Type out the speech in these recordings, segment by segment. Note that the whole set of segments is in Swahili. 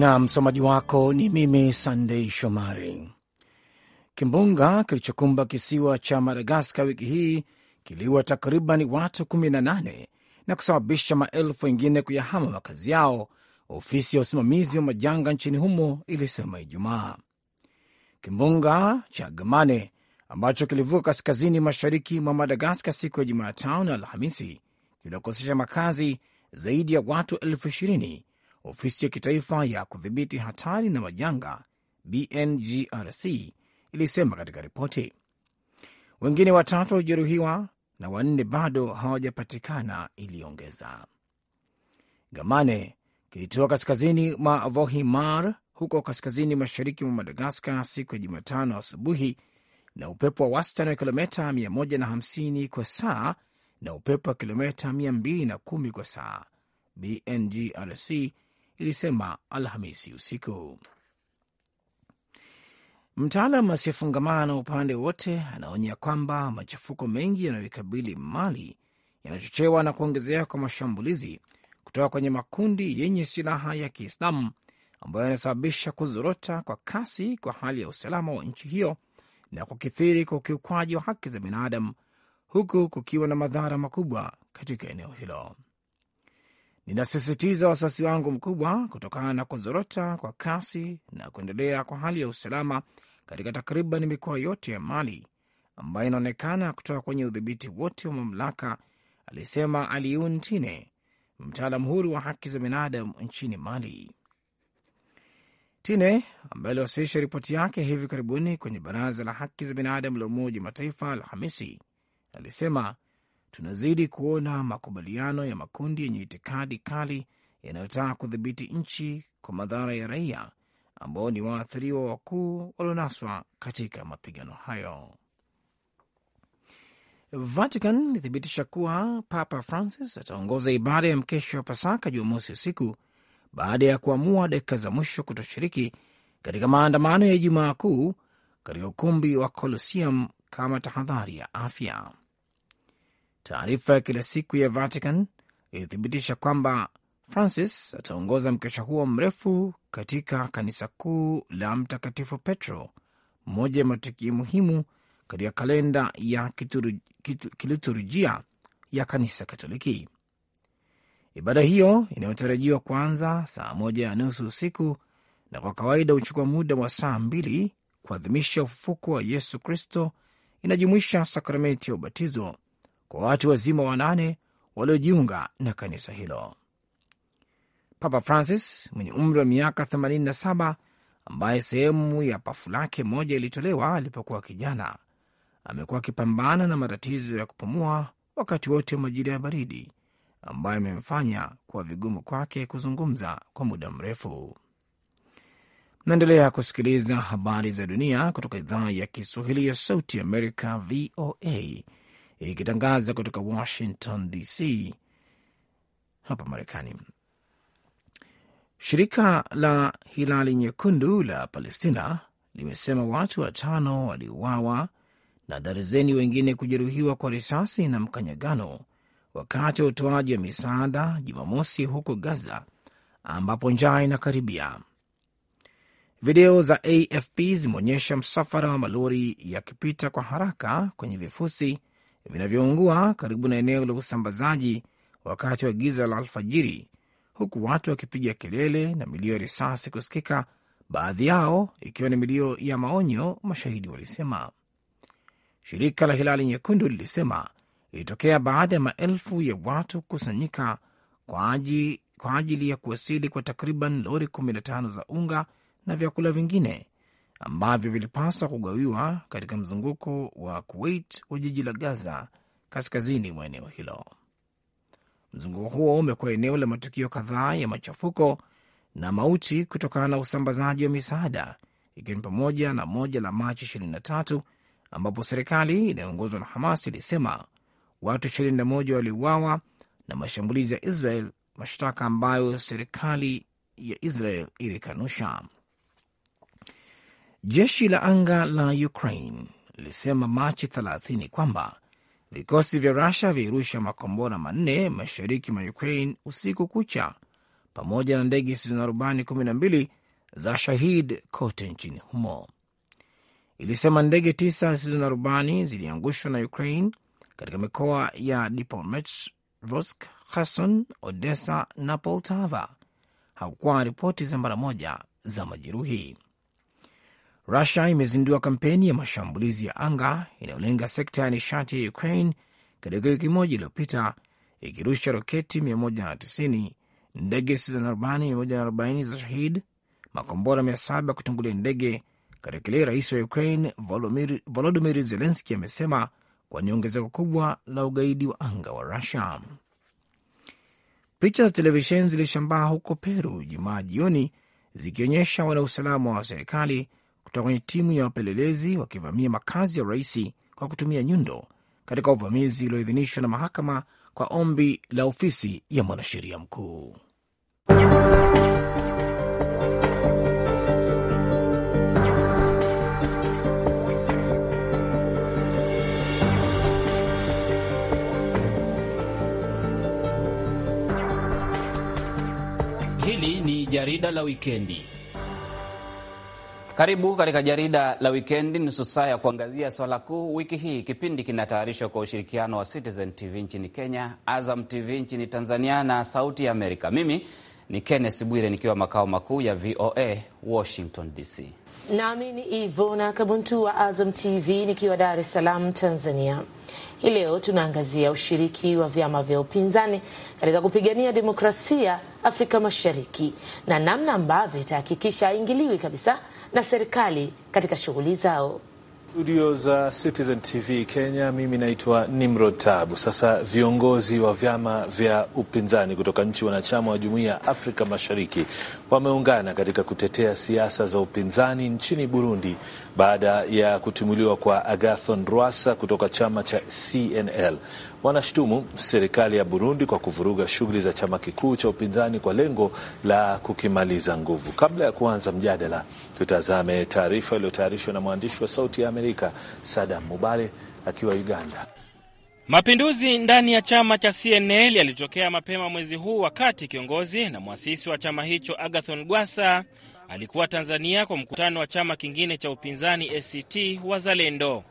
na msomaji wako ni mimi Sandei Shomari. Kimbunga kilichokumba kisiwa cha Madagaskar wiki hii kiliua takriban watu 18 na kusababisha maelfu wengine kuyahama makazi yao, ofisi ya usimamizi wa majanga nchini humo ilisema Ijumaa. Kimbunga cha Gamane ambacho kilivuka kaskazini mashariki mwa Madagaskar siku ya Jumatano na Alhamisi kiliokosesha makazi zaidi ya watu elfu ishirini ofisi ya kitaifa ya kudhibiti hatari na majanga BNGRC ilisema katika ripoti. Wengine watatu walijeruhiwa na wanne bado hawajapatikana, iliongeza. Gamane kilitoa kaskazini mwa Vohimar huko kaskazini mashariki mwa Madagaskar siku ya Jumatano asubuhi na upepo wa wastani wa kilometa 150 kwa saa na upepo wa kilometa 210 kwa saa. BNGRC ilisema Alhamisi usiku. Mtaalam asiyefungamana na upande wote anaonya kwamba machafuko mengi yanayoikabili Mali yanachochewa na kuongezeka kwa mashambulizi kutoka kwenye makundi yenye silaha ya Kiislamu ambayo yanasababisha kuzorota kwa kasi kwa hali ya usalama wa nchi hiyo na kukithiri kwa ukiukwaji wa haki za binadamu huku kukiwa na madhara makubwa katika eneo hilo. Ninasisitiza wasiwasi wangu mkubwa kutokana na kuzorota kwa kasi na kuendelea kwa hali ya usalama katika takriban mikoa yote ya Mali ambayo inaonekana kutoka kwenye udhibiti wote wa mamlaka, alisema Aliun Tine, mtaalam huru wa haki za binadamu nchini Mali. Tine ambaye aliwasilisha ripoti yake hivi karibuni kwenye Baraza la Haki za Binadamu la Umoja wa Mataifa Alhamisi alisema tunazidi kuona makubaliano ya makundi yenye itikadi kali yanayotaka kudhibiti nchi kwa madhara ya raia ambao ni waathiriwa wakuu walionaswa katika mapigano hayo. Vatican ilithibitisha kuwa Papa Francis ataongoza ibada ya mkesho wa Pasaka Jumamosi usiku baada ya kuamua dakika za mwisho kutoshiriki katika maandamano ya Ijumaa Kuu katika ukumbi wa Colosseum kama tahadhari ya afya. Taarifa ya kila siku ya Vatican ilithibitisha kwamba Francis ataongoza mkesha huo mrefu katika kanisa kuu la Mtakatifu Petro, mmoja ya matukio muhimu katika kalenda ya kiliturujia ya kanisa Katoliki. Ibada hiyo inayotarajiwa kuanza saa moja ya nusu usiku na kwa kawaida huchukua muda wa saa mbili kuadhimisha ufufuko wa Yesu Kristo, inajumuisha sakramenti ya ubatizo kwa watu wazima wanane waliojiunga na kanisa hilo. Papa Francis mwenye umri wa miaka 87 ambaye sehemu ya pafu lake moja ilitolewa alipokuwa kijana, amekuwa akipambana na matatizo ya kupumua wakati wote wa majira ya baridi ambayo imemfanya kuwa vigumu kwake kuzungumza kwa muda mrefu. Naendelea kusikiliza habari za dunia kutoka idhaa ya Kiswahili ya Sauti Amerika, VOA, ikitangaza kutoka Washington DC hapa Marekani. Shirika la Hilali Nyekundu la Palestina limesema watu watano waliuawa na darzeni wengine kujeruhiwa kwa risasi na mkanyagano wakati wa utoaji wa misaada Jumamosi huko Gaza, ambapo njaa inakaribia. Video za AFP zimeonyesha msafara wa malori yakipita kwa haraka kwenye vifusi vinavyoungua karibu na eneo la usambazaji wakati wa giza la alfajiri, huku watu wakipiga kelele na milio ya risasi kusikika, baadhi yao ikiwa ni milio ya maonyo, mashahidi walisema. Shirika la Hilali Nyekundu lilisema ilitokea baada ya maelfu ya watu kukusanyika kwa ajili, kwa ajili ya kuwasili kwa takriban lori 15 za unga na vyakula vingine ambavyo vilipaswa kugawiwa katika mzunguko wa Kuwait wa jiji la Gaza kaskazini mwa eneo hilo. Mzunguko huo umekuwa eneo la matukio kadhaa ya machafuko na mauti kutokana na usambazaji wa misaada, ikiwa ni pamoja na moja la Machi 23 ambapo serikali inayoongozwa na Hamas ilisema watu 21 waliuawa na mashambulizi ya Israel, mashtaka ambayo serikali ya Israel ilikanusha. Jeshi la anga la Ukraine lilisema Machi 30 kwamba vikosi vya Rusia vilirusha makombora manne mashariki mwa Ukraine usiku kucha pamoja na ndege zisizo na rubani 12 za Shahid kote nchini humo. Ilisema ndege tisa zisizo na rubani ziliangushwa na Ukraine katika mikoa ya Dnipropetrovsk, Kherson, Odessa na Poltava. Hakukuwa ripoti za mara moja za majeruhi. Rusia imezindua kampeni ya mashambulizi ya anga inayolenga sekta ya nishati ya Ukraine katika wiki moja iliyopita, ikirusha roketi 190, ndege zisizo na rubani 140 za Shahid, makombora 700 kutungulia ndege katika kile rais wa Ukraine volodimir Zelenski amesema kwa ni ongezeko kubwa la ugaidi wa anga wa Rusia. Picha za televisheni zilishambaa huko Peru Jumaa jioni zikionyesha wanausalama wa serikali kutoka kwenye timu ya wapelelezi wakivamia makazi ya rais kwa kutumia nyundo katika uvamizi ulioidhinishwa na mahakama kwa ombi la ofisi ya mwanasheria mkuu. Hili ni jarida la wikendi. Karibu katika jarida la wikendi, nusu saa ya kuangazia swala kuu wiki hii. Kipindi kinatayarishwa kwa ushirikiano wa Citizen TV nchini Kenya, Azam TV nchini Tanzania na Sauti ya Amerika. Mimi ni kennes Bwire nikiwa makao makuu ya VOA Washington DC, nami ni Ivona Kabuntu wa Azam TV nikiwa Dar es Salaam, Tanzania. Hii leo tunaangazia ushiriki wa vyama vya upinzani katika kupigania demokrasia Afrika Mashariki na namna ambavyo itahakikisha haingiliwi kabisa na serikali katika shughuli zao. Studio za Citizen TV Kenya. Mimi naitwa Nimrod Tabu. Sasa viongozi wa vyama vya upinzani kutoka nchi wanachama wa Jumuiya ya Afrika Mashariki wameungana katika kutetea siasa za upinzani nchini Burundi baada ya kutimuliwa kwa Agathon Rwasa kutoka chama cha CNL wanashtumu serikali ya Burundi kwa kuvuruga shughuli za chama kikuu cha upinzani kwa lengo la kukimaliza nguvu. Kabla ya kuanza mjadala, tutazame taarifa iliyotayarishwa na mwandishi wa Sauti ya Amerika Sadam Mubale akiwa Uganda. Mapinduzi ndani ya chama cha CNL yalitokea mapema mwezi huu wakati kiongozi na mwasisi wa chama hicho Agathon Gwasa alikuwa Tanzania kwa mkutano wa chama kingine cha upinzani ACT Wazalendo.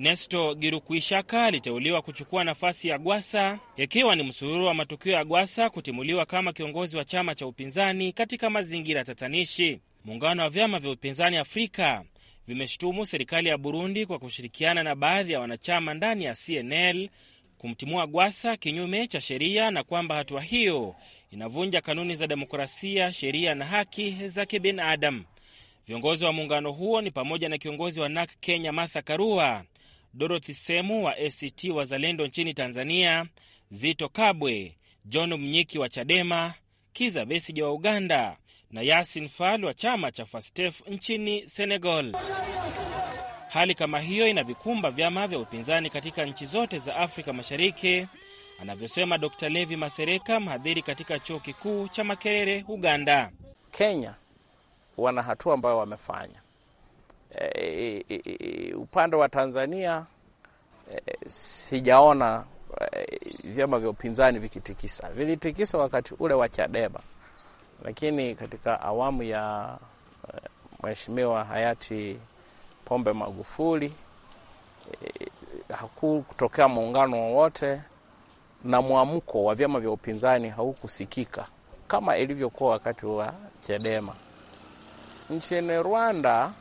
Nesto Girukuishaka aliteuliwa kuchukua nafasi ya Gwasa, ikiwa ni msururu wa matukio ya Gwasa kutimuliwa kama kiongozi wa chama cha upinzani katika mazingira tatanishi. Muungano wa vyama vya upinzani Afrika vimeshutumu serikali ya Burundi kwa kushirikiana na baadhi ya wanachama ndani ya CNL kumtimua Gwasa kinyume cha sheria na kwamba hatua hiyo inavunja kanuni za demokrasia, sheria na haki za kibinadamu. Viongozi wa muungano huo ni pamoja na kiongozi wa NAK Kenya Martha Karua Dorothy Semu wa ACT Wazalendo nchini Tanzania, Zito Kabwe, John Mnyiki wa Chadema, Kiza Besije wa Uganda na Yasin Fal wa chama cha Fastef nchini Senegal. Hali kama hiyo inavikumba vyama vya upinzani katika nchi zote za Afrika Mashariki, anavyosema Dr. Levi Masereka, mhadhiri katika chuo kikuu cha Makerere, Uganda. Kenya wana hatua ambayo wamefanya e, e, e, upande wa Tanzania e, sijaona eh, vyama e, vya upinzani vikitikisa. Vilitikisa wakati ule wa Chadema, lakini katika awamu ya eh, mheshimiwa hayati Pombe Magufuli e, hakutokea muungano wowote na mwamko wa vyama vya upinzani haukusikika kama ilivyokuwa wakati wa Chadema. Nchini Rwanda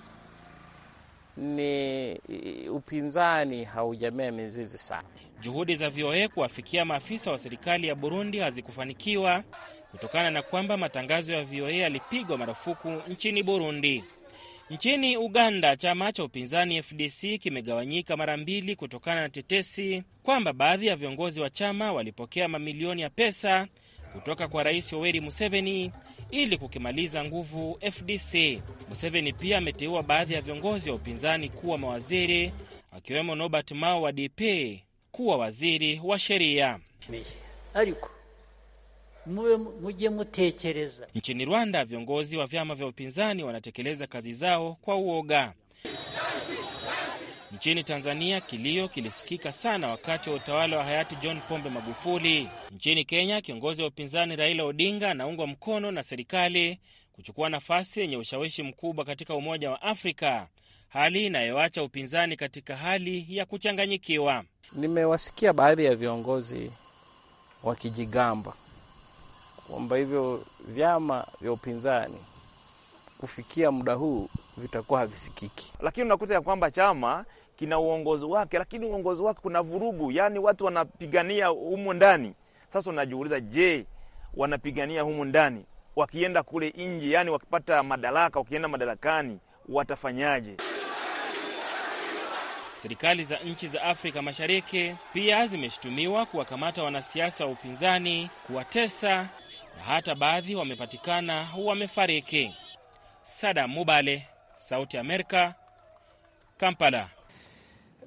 ni eh, upinzani haujamea mizizi sana. Juhudi za VOA kuwafikia maafisa wa serikali ya Burundi hazikufanikiwa kutokana na kwamba matangazo ya VOA yalipigwa marufuku nchini Burundi. Nchini Uganda, chama cha upinzani FDC kimegawanyika mara mbili kutokana na tetesi kwamba baadhi ya viongozi wa chama walipokea mamilioni ya pesa kutoka kwa Rais Yoweri Museveni ili kukimaliza nguvu FDC. Museveni pia ameteua baadhi ya viongozi wa upinzani kuwa mawaziri akiwemo Nobert Mao wa DP kuwa waziri wa sheria. Nchini Rwanda, viongozi wa vyama vya upinzani wanatekeleza kazi zao kwa uoga. Nchini Tanzania kilio kilisikika sana wakati wa utawala wa hayati John Pombe Magufuli. Nchini Kenya kiongozi wa upinzani Raila Odinga anaungwa mkono na serikali kuchukua nafasi yenye ushawishi mkubwa katika Umoja wa Afrika, hali inayoacha upinzani katika hali ya kuchanganyikiwa. Nimewasikia baadhi ya viongozi wakijigamba kwamba hivyo vyama vya upinzani kufikia muda huu vitakuwa havisikiki. Lakini unakuta ya kwamba chama kina uongozi wake, lakini uongozi wake kuna vurugu, yaani watu wanapigania humu ndani. Sasa unajiuliza, je, wanapigania humu ndani wakienda kule nje, yaani wakipata madaraka, wakienda madarakani watafanyaje? Serikali za nchi za Afrika Mashariki pia zimeshutumiwa kuwakamata wanasiasa wa upinzani, kuwatesa na hata baadhi wamepatikana wamefariki. Sada Mubale, Sauti Amerika, Kampala.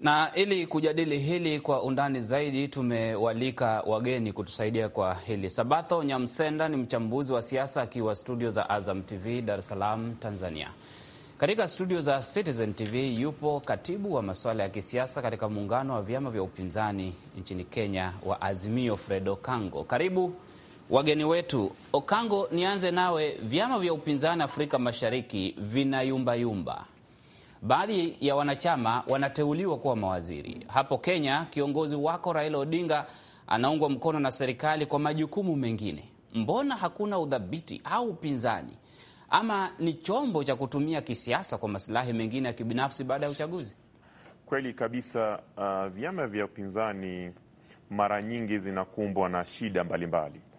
Na ili kujadili hili kwa undani zaidi, tumewalika wageni kutusaidia kwa hili. Sabatho Nyamsenda ni mchambuzi wa siasa akiwa studio za Azam TV Dar es Salaam, Tanzania. Katika studio za Citizen TV yupo katibu wa masuala ya kisiasa katika muungano wa vyama vya upinzani nchini Kenya wa Azimio, Fredo Kango. Karibu wageni wetu. Okango, nianze nawe. Vyama vya upinzani Afrika Mashariki vinayumbayumba, baadhi ya wanachama wanateuliwa kuwa mawaziri. Hapo Kenya, kiongozi wako Raila Odinga anaungwa mkono na serikali kwa majukumu mengine. Mbona hakuna udhabiti au upinzani, ama ni chombo cha kutumia kisiasa kwa masilahi mengine ya kibinafsi baada ya uchaguzi? Kweli kabisa. Uh, vyama vya upinzani mara nyingi zinakumbwa na shida mbalimbali mbali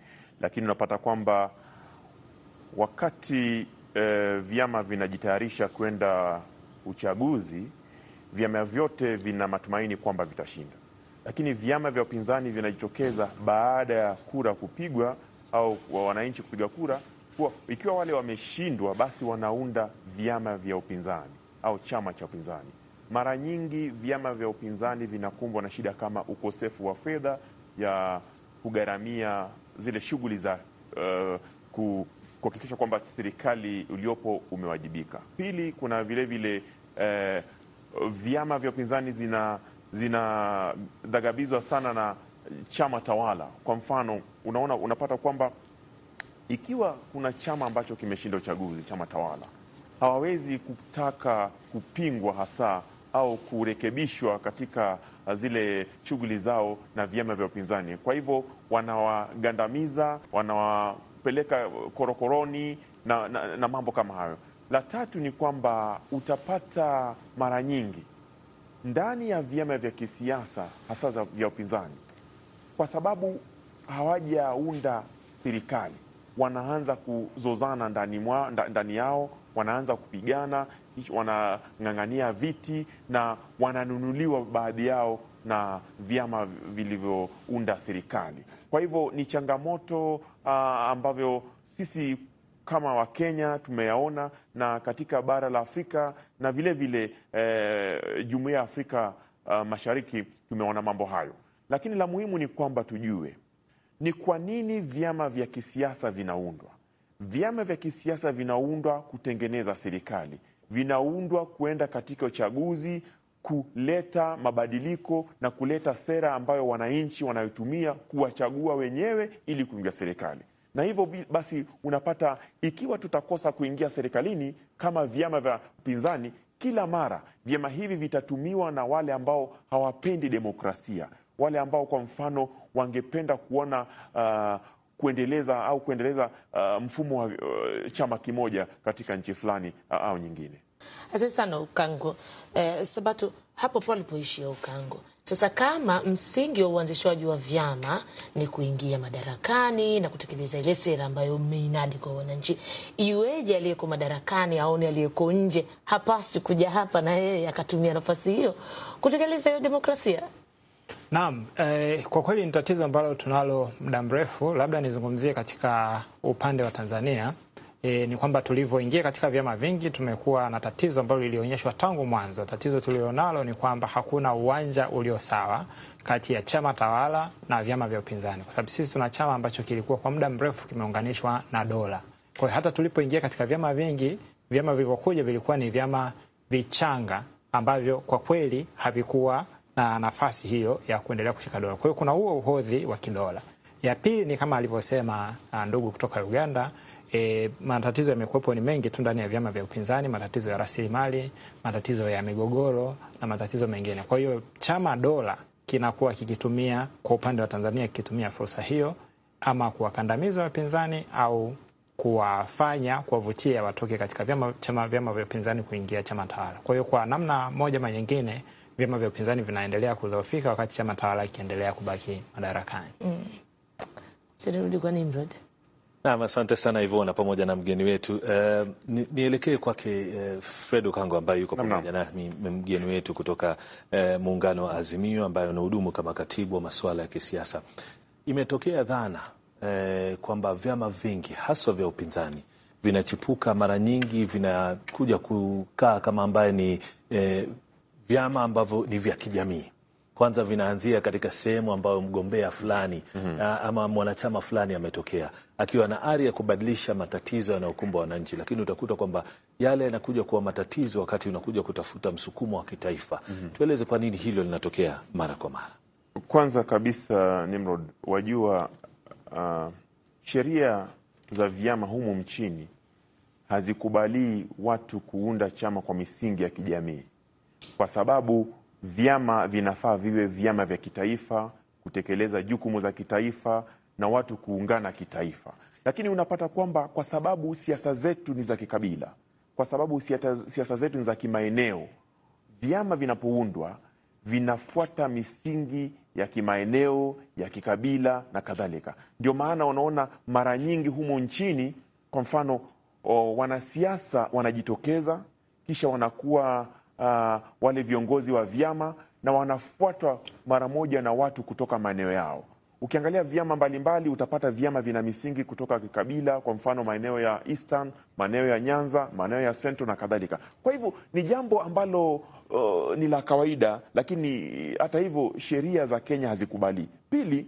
lakini unapata kwamba wakati e, vyama vinajitayarisha kwenda uchaguzi, vyama vyote vina matumaini kwamba vitashinda, lakini vyama vya upinzani vinajitokeza baada ya kura kupigwa au wananchi kupiga kura kuwa ikiwa wale wameshindwa, basi wanaunda vyama vya upinzani au chama cha upinzani. Mara nyingi vyama vya upinzani vinakumbwa na shida kama ukosefu wa fedha ya kugharamia zile shughuli za uh, kuhakikisha kwamba serikali uliopo umewajibika. Pili, kuna vilevile vile, uh, vyama vya upinzani zina zinadhagabizwa sana na chama tawala. Kwa mfano, unaona unapata kwamba ikiwa kuna chama ambacho kimeshinda uchaguzi, chama tawala, hawawezi kutaka kupingwa hasa au kurekebishwa katika Uh, zile shughuli zao na vyama vya upinzani. Kwa hivyo wanawagandamiza, wanawapeleka korokoroni na, na, na mambo kama hayo. La tatu ni kwamba utapata mara nyingi ndani ya vyama vya kisiasa hasa vya upinzani, kwa sababu hawajaunda serikali, wanaanza kuzozana ndani, mwa, ndani yao, wanaanza kupigana wanang'ang'ania viti na wananunuliwa baadhi yao na vyama vilivyounda serikali. Kwa hivyo ni changamoto uh, ambavyo sisi kama Wakenya tumeyaona na katika bara la Afrika na vilevile eh, jumuiya ya Afrika uh, Mashariki tumeona mambo hayo, lakini la muhimu ni kwamba tujue ni kwa nini vyama vya kisiasa vinaundwa. Vyama vya kisiasa vinaundwa kutengeneza serikali vinaundwa kuenda katika uchaguzi kuleta mabadiliko na kuleta sera ambayo wananchi wanayotumia kuwachagua wenyewe ili kuingia serikali. Na hivyo basi, unapata ikiwa tutakosa kuingia serikalini kama vyama vya upinzani, kila mara vyama hivi vitatumiwa na wale ambao hawapendi demokrasia, wale ambao kwa mfano wangependa kuona uh, kuendeleza au kuendeleza uh, mfumo wa uh, chama kimoja katika nchi fulani uh, au nyingine. Asante sana Ukango. Eh, Sabato, hapo po alipoishia Ukango. Sasa kama msingi wa uanzishwaji wa vyama ni kuingia madarakani na kutekeleza ile sera ambayo mmeinadi kwa wananchi, iweje aliyeko madarakani aone aliyeko nje hapasi kuja hapa na yeye akatumia nafasi hiyo kutekeleza hiyo demokrasia? Naam, eh, kwa kweli ni tatizo ambalo tunalo muda mrefu. Labda nizungumzie katika upande wa Tanzania. E, ni kwamba tulivyoingia katika vyama vingi tumekuwa na tatizo ambalo lilionyeshwa tangu mwanzo. Tatizo tulilonalo ni kwamba hakuna uwanja ulio sawa kati ya chama tawala na vyama vya upinzani, kwa sababu sisi tuna chama ambacho kilikuwa kwa muda mrefu kimeunganishwa na dola. Kwa hiyo hata tulipoingia katika vyama vingi, vyama vilivyokuja vilikuwa ni vyama vichanga ambavyo kwa kweli havikuwa na nafasi hiyo ya kuendelea kushika dola. Kwa hiyo kuna huo uhodhi wa kidola. Ya pili ni kama alivyosema ah, ndugu kutoka Uganda, e, matatizo yamekuwepo ni mengi tu ndani ya vyama vya upinzani, matatizo ya rasilimali, matatizo ya migogoro na matatizo mengine. Kwa hiyo chama dola kinakuwa kikitumia kwa upande wa Tanzania kikitumia fursa hiyo ama kuwakandamiza wapinzani au kuwafanya kuwavutia watoke katika vyama, chama vyama vya upinzani kuingia chama tawala. Kwa hiyo kwa namna moja ama nyingine vyama vya upinzani vinaendelea kudhoofika wakati chama tawala kiendelea kubaki madarakani. Mm. Naam, asante sana Ivona pamoja na mgeni wetu uh, ni, nielekee kwake uh, eh, Fredo Kango ambaye yuko pamoja nami mgeni wetu kutoka uh, muungano wa Azimio ambayo hudumu kama katibu wa masuala ya kisiasa. Imetokea dhana uh, kwamba vyama vingi haswa vya upinzani vinachipuka mara nyingi vinakuja kukaa kama ambaye ni eh, vyama ambavyo ni vya kijamii kwanza vinaanzia katika sehemu ambayo mgombea fulani mm -hmm. ama mwanachama fulani ametokea akiwa na ari ya kubadilisha matatizo yanayokumba wananchi, lakini utakuta kwamba yale yanakuja kuwa matatizo wakati unakuja kutafuta msukumo wa kitaifa mm -hmm. Tueleze kwa nini hilo linatokea mara kwa mara. Kwanza kabisa, Nimrod, wajua uh, sheria za vyama humu nchini hazikubali watu kuunda chama kwa misingi ya kijamii kwa sababu vyama vinafaa viwe vyama vya kitaifa, kutekeleza jukumu za kitaifa na watu kuungana kitaifa. Lakini unapata kwamba kwa sababu siasa zetu ni za kikabila, kwa sababu siasa zetu ni za kimaeneo, vyama vinapoundwa vinafuata misingi ya kimaeneo, ya kikabila na kadhalika. Ndio maana unaona mara nyingi humo nchini, kwa mfano, wanasiasa wanajitokeza kisha wanakuwa uh, wale viongozi wa vyama na wanafuatwa mara moja na watu kutoka maeneo yao. Ukiangalia vyama mbalimbali mbali, utapata vyama vina misingi kutoka kikabila, kwa mfano maeneo ya Eastern, maeneo ya Nyanza, maeneo ya Central na kadhalika. Kwa hivyo ni jambo ambalo uh, ni la kawaida, lakini hata hivyo sheria za Kenya hazikubali. Pili,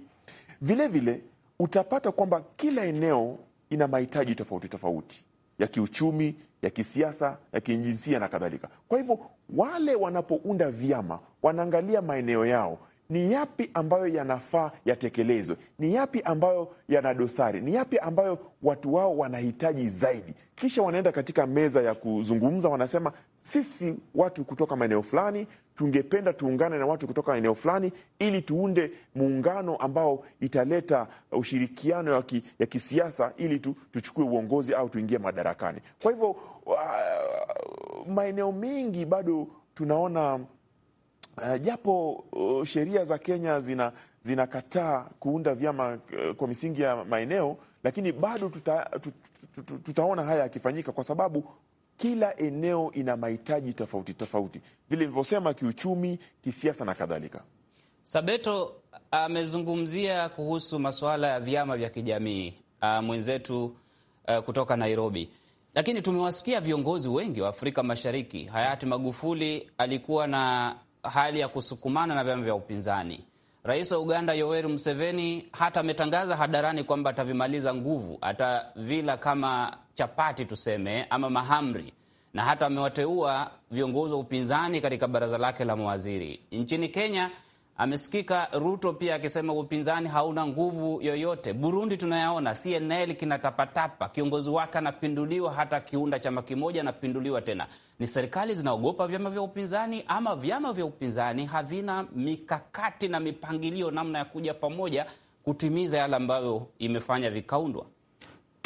vilevile vile, utapata kwamba kila eneo ina mahitaji tofauti tofauti ya kiuchumi, ya kisiasa, ya kijinsia na kadhalika. Kwa hivyo wale wanapounda vyama wanaangalia maeneo yao ni yapi ambayo yanafaa yatekelezwe, ni yapi ambayo yana dosari, ni yapi ambayo watu wao wanahitaji zaidi. Kisha wanaenda katika meza ya kuzungumza, wanasema sisi watu kutoka maeneo fulani tungependa tuungane na watu kutoka eneo fulani ili tuunde muungano ambao italeta ushirikiano ya, ki, ya kisiasa ili tu, tuchukue uongozi au tuingie madarakani. Kwa hivyo uh, maeneo mengi bado tunaona uh, japo uh, sheria za Kenya zina zinakataa kuunda vyama eh, kwa misingi ya maeneo, lakini bado tuta, tut, tut, tutaona haya yakifanyika kwa sababu kila eneo ina mahitaji tofauti tofauti, vile nilivyosema, kiuchumi, kisiasa na kadhalika. Sabeto ah, amezungumzia kuhusu masuala ya vyama vya kijamii ah, mwenzetu ah, kutoka Nairobi, lakini tumewasikia viongozi wengi wa Afrika Mashariki. Hayati Magufuli alikuwa na hali ya kusukumana na vyama vya upinzani. Rais wa Uganda Yoweri Museveni hata ametangaza hadharani kwamba atavimaliza nguvu, atavila kama chapati tuseme, ama mahamri, na hata amewateua viongozi wa upinzani katika baraza lake la mawaziri. Nchini Kenya amesikika Ruto pia akisema upinzani hauna nguvu yoyote. Burundi tunayaona CNL kinatapatapa, kiongozi wake anapinduliwa, hata kiunda chama kimoja anapinduliwa tena. Ni serikali zinaogopa vyama vya upinzani ama vyama vya upinzani havina mikakati na mipangilio namna ya kuja pamoja kutimiza yale ambayo imefanya vikaundwa?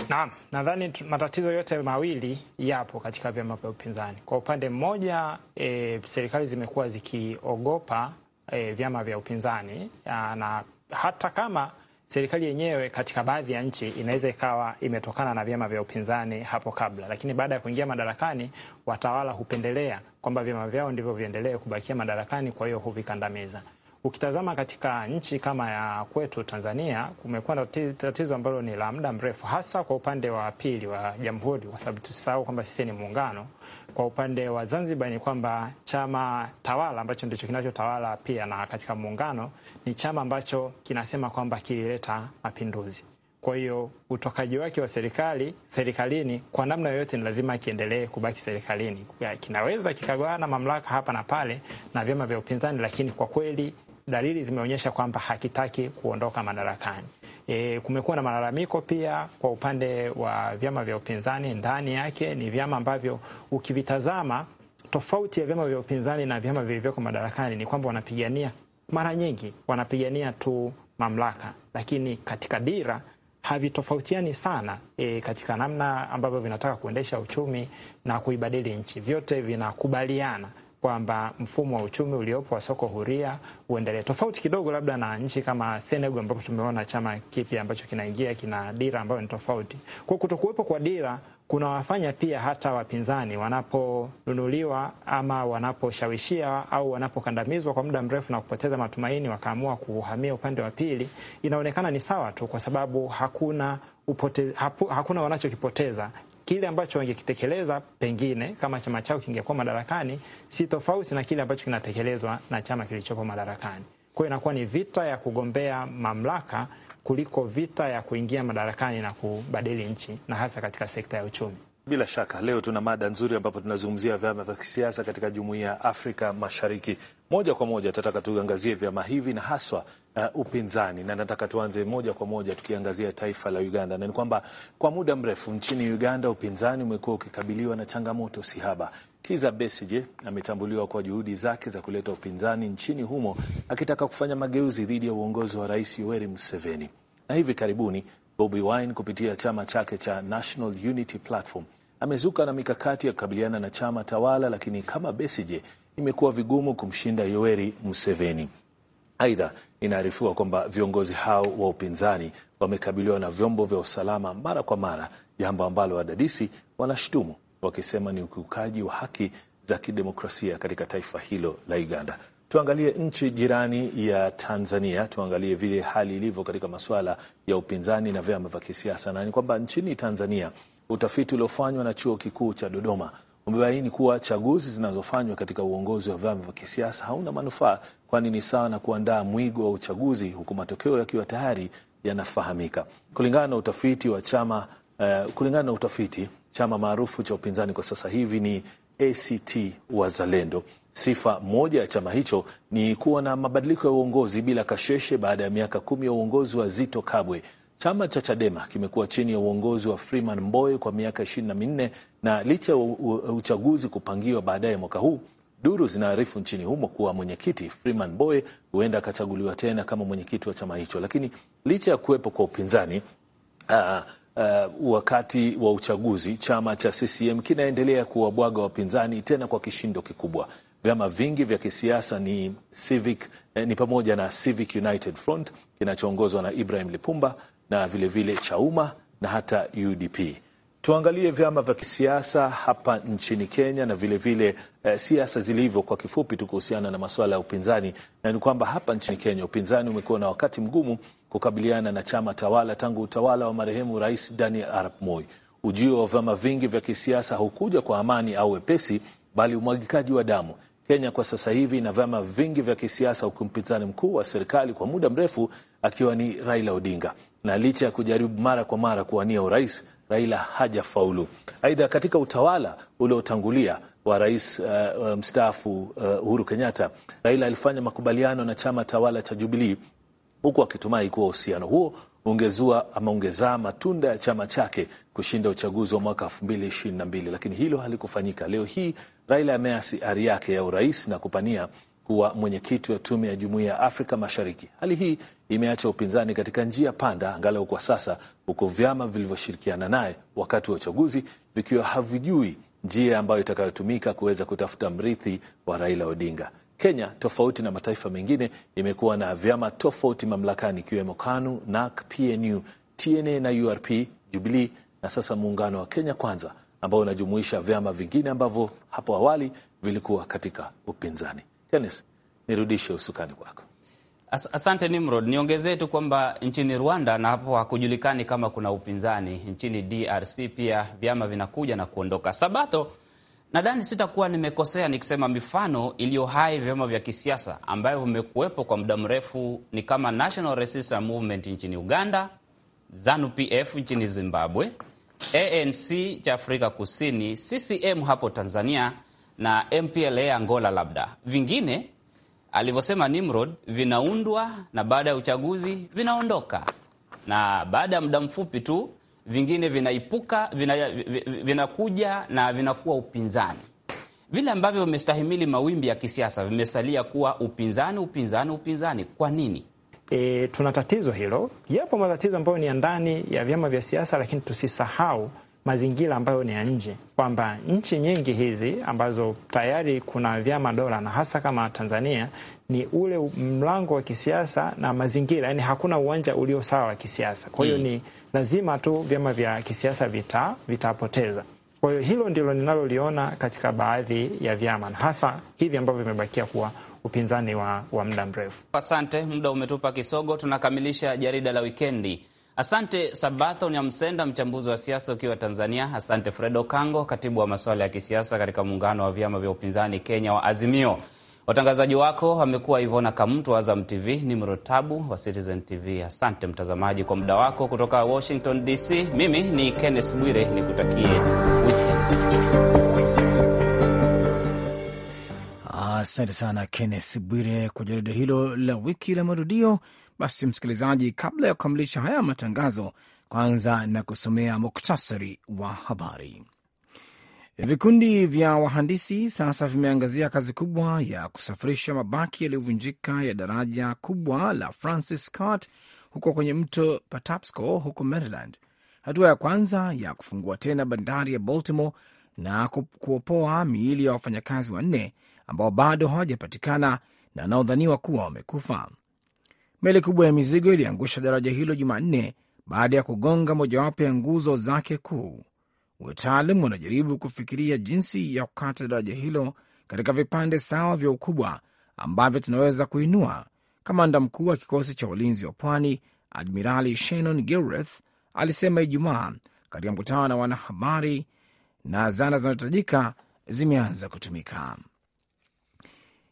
Naam, nadhani matatizo yote mawili yapo katika vyama vya upinzani. Kwa upande mmoja, e, serikali zimekuwa zikiogopa e, vyama vya upinzani na hata kama serikali yenyewe katika baadhi ya nchi inaweza ikawa imetokana na vyama vya upinzani hapo kabla, lakini baada ya kuingia madarakani watawala hupendelea kwamba vyama vyao ndivyo viendelee kubakia madarakani, kwa hiyo huvikandamiza. Ukitazama katika nchi kama ya kwetu Tanzania, kumekuwa na tatizo ambalo ni la muda mrefu, hasa kwa upande wa pili wa jamhuri, kwa sababu tusisahau kwamba sisi ni muungano. Kwa upande wa Zanzibar ni kwamba chama tawala ambacho ndicho kinachotawala pia na katika muungano ni chama ambacho kinasema kwamba kilileta mapinduzi. Kwa hiyo utokaji wake wa serikali serikalini kwa namna yoyote ni lazima kiendelee kubaki serikalini. Kinaweza kikagawana mamlaka hapa na pale na vyama vya upinzani, lakini kwa kweli dalili zimeonyesha kwamba hakitaki kuondoka madarakani. E, kumekuwa na malalamiko pia kwa upande wa vyama vya upinzani ndani yake. Ni vyama ambavyo ukivitazama, tofauti ya vyama vya upinzani na vyama vilivyoko madarakani ni kwamba wanapigania, mara nyingi wanapigania tu mamlaka, lakini katika dira havitofautiani sana e, katika namna ambavyo vinataka kuendesha uchumi na kuibadili nchi. Vyote vinakubaliana kwamba mfumo wa uchumi uliopo wa soko huria uendelee, tofauti kidogo labda na nchi kama Senegal ambapo tumeona chama kipya ambacho kinaingia kina dira ambayo ni tofauti. Kwa kutokuwepo kwa dira kunawafanya pia hata wapinzani wanaponunuliwa ama wanaposhawishia au wanapokandamizwa kwa muda mrefu na kupoteza matumaini, wakaamua kuhamia upande wa pili, inaonekana ni sawa tu, kwa sababu hakuna upote, hapu, hakuna wanachokipoteza kile ambacho wangekitekeleza pengine kama chama chao kingekuwa madarakani si tofauti na kile ambacho kinatekelezwa na chama kilichopo madarakani. Kwa hiyo inakuwa ni vita ya kugombea mamlaka kuliko vita ya kuingia madarakani na kubadili nchi, na hasa katika sekta ya uchumi. Bila shaka leo tuna mada nzuri ambapo tunazungumzia vyama vya kisiasa katika jumuiya ya Afrika Mashariki. Moja kwa moja tataka tuangazie vyama hivi na haswa uh, upinzani, na nataka tuanze moja kwa moja tukiangazia taifa la Uganda, na ni kwamba kwa muda mrefu nchini Uganda upinzani umekuwa ukikabiliwa na changamoto sihaba. Kiza Besije ametambuliwa kwa juhudi zake za kuleta upinzani nchini humo, akitaka kufanya mageuzi dhidi ya uongozi wa Rais Yoweri Museveni, na hivi karibuni Bobi Wine kupitia chama chake cha National Unity Platform amezuka na mikakati ya kukabiliana na chama tawala, lakini kama besije imekuwa vigumu kumshinda Yoweri Museveni. Aidha, inaarifiwa kwamba viongozi hao wa upinzani wamekabiliwa na vyombo vya usalama mara kwa mara, jambo ambalo wadadisi wanashutumu wakisema ni ukiukaji wa haki za kidemokrasia katika taifa hilo la Uganda. Tuangalie nchi jirani ya Tanzania, tuangalie vile hali ilivyo katika masuala ya upinzani na vyama vya kisiasa, na ni kwamba nchini Tanzania Utafiti uliofanywa na chuo kikuu cha Dodoma umebaini kuwa chaguzi zinazofanywa katika uongozi wa vyama vya kisiasa hauna manufaa, kwani ni sawa na kuandaa mwigo wa uchaguzi huku matokeo yakiwa tayari yanafahamika. Kulingana na utafiti wa chama uh, kulingana na utafiti chama maarufu cha upinzani kwa sasa hivi ni ACT Wazalendo. Sifa moja ya chama hicho ni kuwa na mabadiliko ya uongozi bila kasheshe baada ya miaka kumi ya uongozi wa Zito Kabwe. Chama cha Chadema kimekuwa chini ya uongozi wa Freeman Mbowe kwa miaka ishirini na minne na licha ya uchaguzi kupangiwa baadaye mwaka huu, duru zinaarifu nchini humo kuwa mwenyekiti Freeman Mbowe huenda akachaguliwa tena kama mwenyekiti wa chama hicho. Lakini licha ya kuwepo kwa upinzani uh, Uh, wakati wa uchaguzi chama cha CCM kinaendelea kuwabwaga wapinzani tena kwa kishindo kikubwa. Vyama vingi vya kisiasa ni Civic, eh, ni pamoja na Civic United Front kinachoongozwa na Ibrahim Lipumba, na vilevile vile Chauma na hata UDP. Tuangalie vyama vya kisiasa hapa nchini Kenya na vilevile vile, eh, siasa zilivyo kwa kifupi tu kuhusiana na masuala ya upinzani, na ni kwamba hapa nchini Kenya upinzani umekuwa na wakati mgumu kukabiliana na chama tawala tangu utawala wa marehemu Rais Daniel Arap Moi. Ujio wa vyama vingi vya kisiasa hukuja kwa amani au wepesi, bali umwagikaji wa damu. Kenya kwa sasa hivi ina vyama vingi vya kisiasa, huku mpinzani mkuu wa serikali kwa muda mrefu akiwa ni Raila Odinga, na licha ya kujaribu mara kwa mara kuwania urais Raila hajafaulu. Aidha, katika utawala uliotangulia wa rais uh, uh mstaafu uh, Uhuru Kenyatta, Raila alifanya makubaliano na chama tawala cha Jubilii huku akitumai kuwa uhusiano huo ungezua ama ungezaa matunda ya chama chake kushinda uchaguzi wa mwaka 2022 lakini hilo halikufanyika. Leo hii Raila ameasi ari yake ya urais na kupania kuwa mwenyekiti wa tume ya jumuiya ya Afrika Mashariki. Hali hii imeacha upinzani katika njia panda, angalau kwa sasa, huko vyama vilivyoshirikiana naye wakati wa uchaguzi vikiwa havijui njia ambayo itakayotumika kuweza kutafuta mrithi wa Raila Odinga. Kenya, tofauti na mataifa mengine, imekuwa na vyama tofauti mamlakani ikiwemo KANU, NAK, PNU, TNA na URP, Jubilee na sasa muungano wa Kenya Kwanza ambao unajumuisha vyama vingine ambavyo hapo awali vilikuwa katika upinzani. Kenneth, nirudishe usukani kwako. As asante Nimrod, niongezee tu kwamba nchini Rwanda na hapo hakujulikani kama kuna upinzani. Nchini DRC pia vyama vinakuja na kuondoka. Sabato Nadhani sitakuwa nimekosea nikisema mifano iliyo hai vyama vya kisiasa ambayo vimekuwepo kwa muda mrefu ni kama National Resistance Movement nchini Uganda, Zanu PF nchini Zimbabwe, ANC cha Afrika Kusini, CCM hapo Tanzania na MPLA Angola. Labda vingine alivyosema Nimrod, vinaundwa na baada ya uchaguzi vinaondoka, na baada ya muda mfupi tu vingine vinaipuka, vinakuja na vinakuwa upinzani. Vile ambavyo vimestahimili mawimbi ya kisiasa vimesalia kuwa upinzani, upinzani, upinzani. Kwa nini? E, tuna tatizo hilo. Yapo matatizo ambayo ni ya ndani ya vyama vya siasa, lakini tusisahau mazingira ambayo ni ya nje, kwamba nchi nyingi hizi ambazo tayari kuna vyama dola na hasa kama Tanzania ni ule mlango wa kisiasa na mazingira, yani hakuna uwanja ulio sawa wa kisiasa. Kwa hiyo mm, ni lazima tu vyama vya kisiasa vita vitapoteza. Kwa hiyo hilo ndilo ninaloliona katika baadhi ya vyama na hasa hivi ambavyo vimebakia kuwa upinzani wa, wa muda mrefu. Asante, muda umetupa kisogo. Tunakamilisha jarida la wikendi. Asante Sabathon ya mchambuzi wa siasa ukiwa Tanzania. Asante Fredo Kango, katibu wa masuala ya kisiasa katika muungano wa vyama vya upinzani Kenya wa Azimio. Watangazaji wako wamekuwa Ivona Kamtu wa Azam TV, Nimro Tabu wa Citizen TV. Asante mtazamaji kwa muda wako. Kutoka Washington DC, mimi ni Kenneth Bwire, nikutakie wikendi. Asante sana Kennes Bwire kwa jarida hilo la wiki la marudio basi msikilizaji, kabla ya kukamilisha haya matangazo, kwanza na kusomea muktasari wa habari. Vikundi vya wahandisi sasa vimeangazia kazi kubwa ya kusafirisha mabaki yaliyovunjika ya daraja kubwa la Francis Scott huko kwenye mto Patapsco huko Maryland, hatua ya kwanza ya kufungua tena bandari ya Baltimore na kuopoa miili ya wafanyakazi wanne ambao bado hawajapatikana na wanaodhaniwa kuwa wamekufa. Meli kubwa ya mizigo iliangusha daraja hilo Jumanne baada ya kugonga mojawapo ya nguzo zake kuu. Wataalam wanajaribu kufikiria jinsi ya kukata daraja hilo katika vipande sawa vya ukubwa ambavyo tunaweza kuinua. Kamanda mkuu wa kikosi cha ulinzi wa pwani Admirali Shannon Gilreth alisema Ijumaa katika mkutano na wanahabari, na zana zinazohitajika zimeanza kutumika.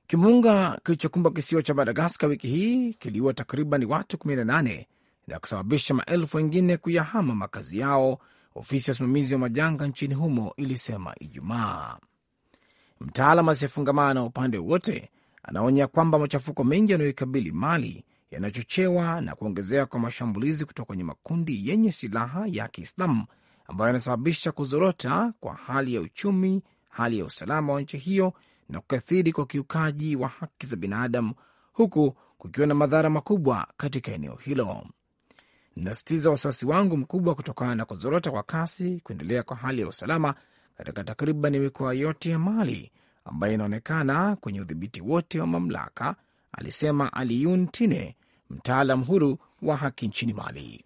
Kimbunga kilichokumba kisiwa cha Madagaskar wiki hii kiliua takriban watu 18 na kusababisha maelfu wengine kuyahama makazi yao, ofisi ya usimamizi wa majanga nchini humo ilisema Ijumaa. mtaalam asiyefungamana na upande wowote anaonya kwamba machafuko mengi yanayoikabili Mali yanachochewa na kuongezea kwa mashambulizi kutoka kwenye makundi yenye silaha ya Kiislamu ambayo yanasababisha kuzorota kwa hali ya uchumi, hali ya usalama wa nchi hiyo na kukathiri kwa ukiukaji wa haki za binadamu huku kukiwa na madhara makubwa katika eneo hilo. Ninasitiza wasiwasi wangu mkubwa kutokana na kuzorota kwa kasi kuendelea kwa hali ya usalama katika takriban mikoa yote ya Mali ambayo inaonekana kwenye udhibiti wote wa mamlaka, alisema Aliyun Tine, mtaalam huru wa haki nchini Mali.